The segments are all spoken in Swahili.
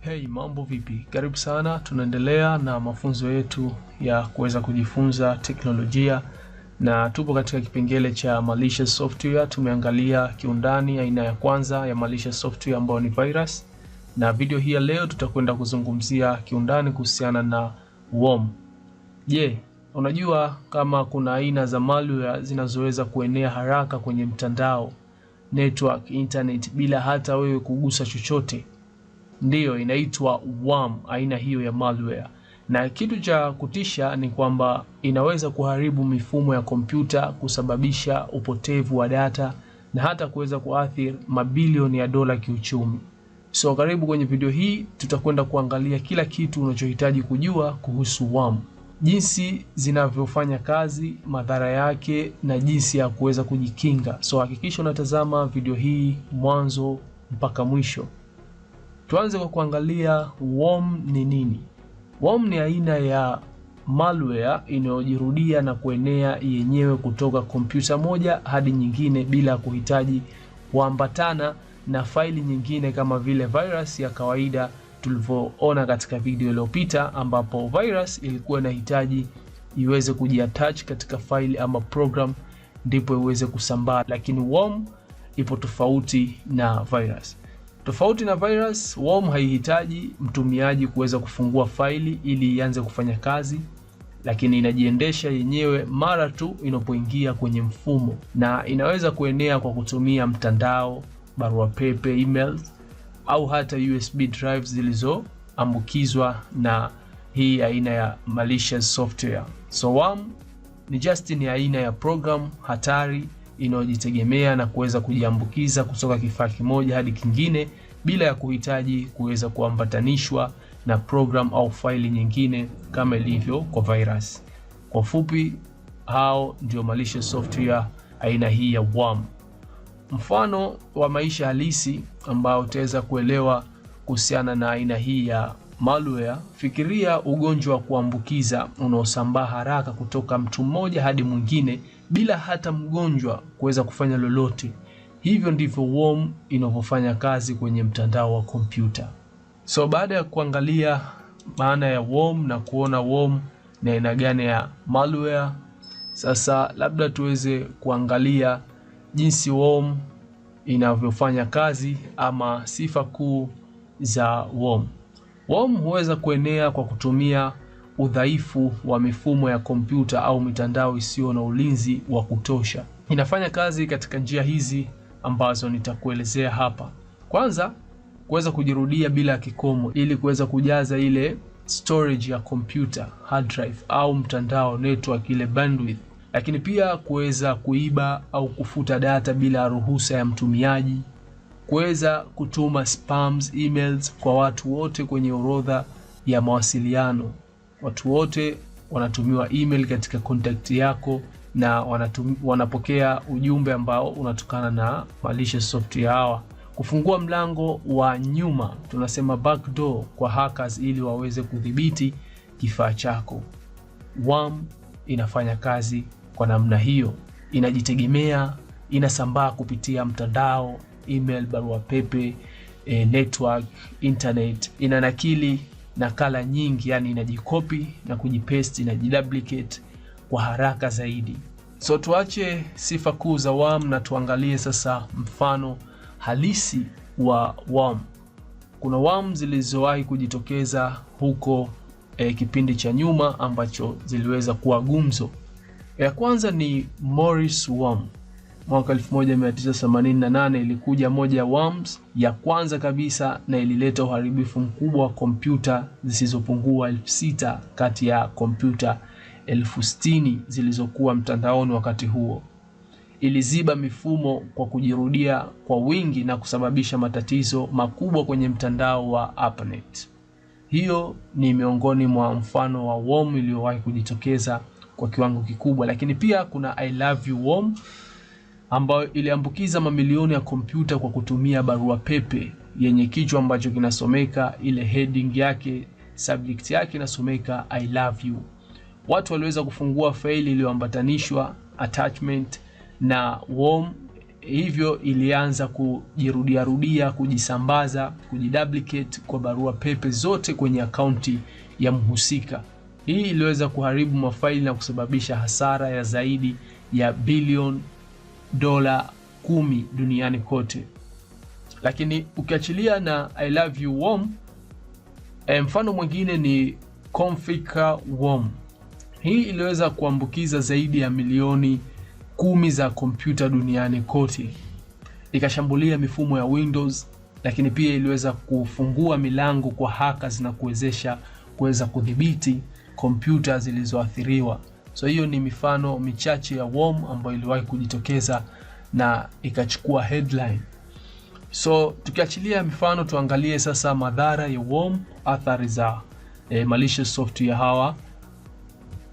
Hey, mambo vipi? Karibu sana. Tunaendelea na mafunzo yetu ya kuweza kujifunza teknolojia na tupo katika kipengele cha malicious software. Tumeangalia kiundani aina ya kwanza ya malicious software ambayo ni virus, na video hii ya leo tutakwenda kuzungumzia kiundani kuhusiana na worm. Je, unajua kama kuna aina za malware zinazoweza kuenea haraka kwenye mtandao, network, internet bila hata wewe kugusa chochote? ndiyo inaitwa worm, aina hiyo ya malware. Na kitu cha kutisha ni kwamba inaweza kuharibu mifumo ya kompyuta, kusababisha upotevu wa data na hata kuweza kuathiri mabilioni ya dola kiuchumi. So karibu kwenye video hii, tutakwenda kuangalia kila kitu unachohitaji kujua kuhusu worm, jinsi zinavyofanya kazi, madhara yake na jinsi ya kuweza kujikinga. So hakikisha unatazama video hii mwanzo mpaka mwisho. Tuanze kwa kuangalia worm ni nini. Worm ni aina ya malware inayojirudia na kuenea yenyewe kutoka kompyuta moja hadi nyingine bila kuhitaji kuambatana na faili nyingine kama vile virus ya kawaida tulivyoona katika video iliyopita, ambapo virus ilikuwa inahitaji iweze kujiattach katika faili ama program ndipo iweze kusambaa, lakini worm ipo tofauti na virus. Tofauti na virus, worm haihitaji mtumiaji kuweza kufungua faili ili ianze kufanya kazi, lakini inajiendesha yenyewe mara tu inapoingia kwenye mfumo, na inaweza kuenea kwa kutumia mtandao, barua pepe, emails au hata USB drives zilizoambukizwa na hii aina ya malicious software. So worm ni just ni aina ya program hatari inayojitegemea na kuweza kujiambukiza kutoka kifaa kimoja hadi kingine bila ya kuhitaji kuweza kuambatanishwa na program au faili nyingine kama ilivyo kwa virus. Kwa ufupi, hao ndio malicious software aina hii ya worm. Mfano wa maisha halisi ambao utaweza kuelewa kuhusiana na aina hii ya malware, fikiria ugonjwa wa kuambukiza unaosambaa haraka kutoka mtu mmoja hadi mwingine bila hata mgonjwa kuweza kufanya lolote. Hivyo ndivyo worm inavyofanya kazi kwenye mtandao wa kompyuta. So baada ya kuangalia maana ya worm na kuona worm ni aina gani ya malware, sasa labda tuweze kuangalia jinsi worm inavyofanya kazi ama sifa kuu za worm. Worm huweza kuenea kwa kutumia udhaifu wa mifumo ya kompyuta au mitandao isiyo na ulinzi wa kutosha. Inafanya kazi katika njia hizi ambazo nitakuelezea hapa. Kwanza, kuweza kujirudia bila kikomo ili kuweza kujaza ile storage ya kompyuta, hard drive au mtandao, network ile bandwidth. Lakini pia kuweza kuiba au kufuta data bila ruhusa ya mtumiaji, kuweza kutuma spams, emails kwa watu wote kwenye orodha ya mawasiliano watu wote wanatumiwa email katika contact yako na wanatum, wanapokea ujumbe ambao unatokana na malicious software hawa. Kufungua mlango wa nyuma, tunasema backdoor kwa hackers, ili waweze kudhibiti kifaa chako. WAM inafanya kazi kwa namna hiyo, inajitegemea, inasambaa kupitia mtandao, email, barua pepe, e, network, internet, inanakili nakala nyingi, yani inajikopi na kujipaste, inajiduplicate kwa haraka zaidi. So tuache sifa kuu za worm na tuangalie sasa mfano halisi wa worm. Kuna worm zilizowahi kujitokeza huko e, kipindi cha nyuma ambacho ziliweza kuwa gumzo. Ya kwanza ni Morris worm mwaka 1988 ilikuja moja ya worms ya kwanza kabisa na ilileta uharibifu mkubwa wa kompyuta zisizopungua 6000 kati ya kompyuta elfu zilizokuwa mtandaoni wakati huo. Iliziba mifumo kwa kujirudia kwa wingi na kusababisha matatizo makubwa kwenye mtandao wa ARPANET. Hiyo ni miongoni mwa mfano wa worm iliyowahi kujitokeza kwa kiwango kikubwa, lakini pia kuna I love you worm ambayo iliambukiza mamilioni ya kompyuta kwa kutumia barua pepe yenye kichwa ambacho kinasomeka, ile heading yake, subject yake inasomeka I love you. Watu waliweza kufungua faili iliyoambatanishwa attachment na worm, hivyo ilianza kujirudiarudia, kujisambaza, kujiduplicate kwa barua pepe zote kwenye akaunti ya mhusika. Hii iliweza kuharibu mafaili na kusababisha hasara ya zaidi ya bilioni dola kumi duniani kote, lakini ukiachilia na I love you warm, e, mfano mwingine ni Comfica warm. Hii iliweza kuambukiza zaidi ya milioni kumi za kompyuta duniani kote, ikashambulia mifumo ya Windows, lakini pia iliweza kufungua milango kwa hackers na kuwezesha kuweza kudhibiti kompyuta zilizoathiriwa. So hiyo ni mifano michache ya worm ambayo iliwahi kujitokeza na ikachukua headline. So tukiachilia mifano, tuangalie sasa madhara ya worm, athari za eh, malicious software hawa.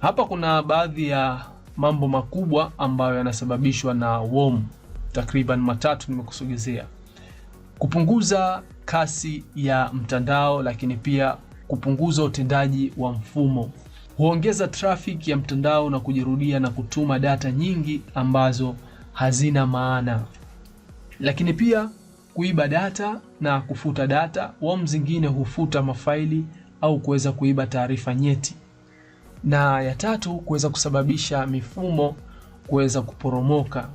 Hapa kuna baadhi ya mambo makubwa ambayo yanasababishwa na worm, takriban matatu nimekusogezea: kupunguza kasi ya mtandao, lakini pia kupunguza utendaji wa mfumo huongeza trafik ya mtandao na kujirudia na kutuma data nyingi ambazo hazina maana. Lakini pia kuiba data na kufuta data. WOM zingine hufuta mafaili au kuweza kuiba taarifa nyeti, na ya tatu kuweza kusababisha mifumo kuweza kuporomoka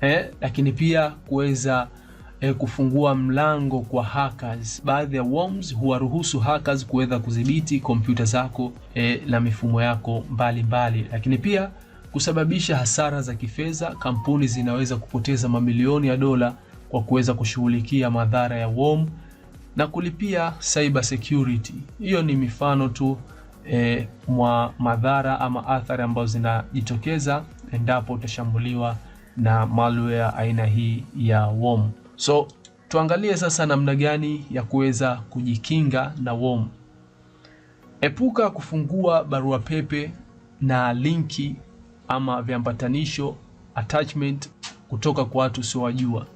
eh, lakini pia kuweza e, kufungua mlango kwa hackers. Baadhi ya worms huwaruhusu hackers kuweza kudhibiti kompyuta zako e, na mifumo yako mbalimbali mbali. Lakini pia kusababisha hasara za kifedha. Kampuni zinaweza kupoteza mamilioni ya dola kwa kuweza kushughulikia madhara ya worm na kulipia cyber security. Hiyo ni mifano tu e, mwa madhara ama athari ambazo zinajitokeza endapo utashambuliwa na malware aina hii ya worm. So tuangalie sasa namna gani ya kuweza kujikinga na worm. Epuka kufungua barua pepe na linki ama viambatanisho attachment kutoka kwa watu usiowajua.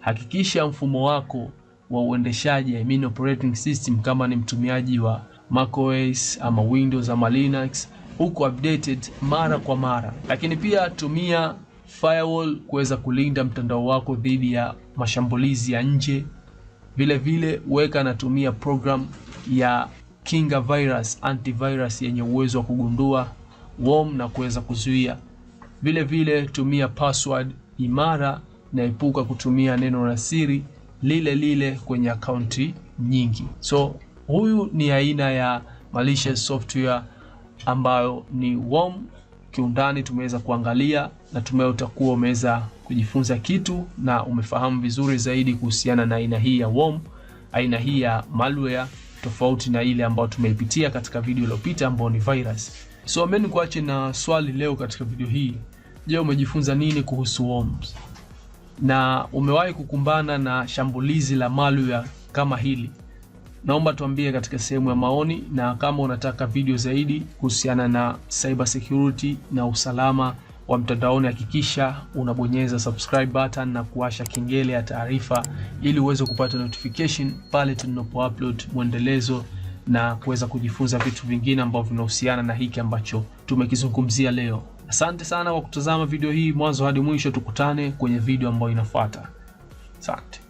Hakikisha mfumo wako wa uendeshaji I mean operating system, kama ni mtumiaji wa macOS ama Windows ama Linux uko updated mara kwa mara, lakini pia tumia firewall kuweza kulinda mtandao wako dhidi ya mashambulizi ya nje. Vile vile weka anatumia program ya kinga virus antivirus yenye uwezo wa kugundua worm na kuweza kuzuia. Vile vile tumia password imara na epuka kutumia neno la siri lile lile kwenye akaunti nyingi. So huyu ni aina ya malicious software ambayo ni worm kiundani tumeweza kuangalia, natumai utakuwa umeweza kujifunza kitu na umefahamu vizuri zaidi kuhusiana na aina hii ya worm, aina hii ya malware tofauti na ile ambayo tumeipitia katika video iliyopita ambayo ni virus. So ambayo nikuache na swali leo katika video hii. Je, umejifunza nini kuhusu worms? Na umewahi kukumbana na shambulizi la malware kama hili? naomba tuambie katika sehemu ya maoni, na kama unataka video zaidi kuhusiana na cyber security na usalama wa mtandaoni, hakikisha unabonyeza subscribe button na kuwasha kengele ya taarifa ili uweze kupata notification pale tunapo upload mwendelezo na kuweza kujifunza vitu vingine ambavyo vinahusiana na hiki ambacho tumekizungumzia leo. Asante sana kwa kutazama video hii mwanzo hadi mwisho. Tukutane kwenye video ambayo inafuata. Asante.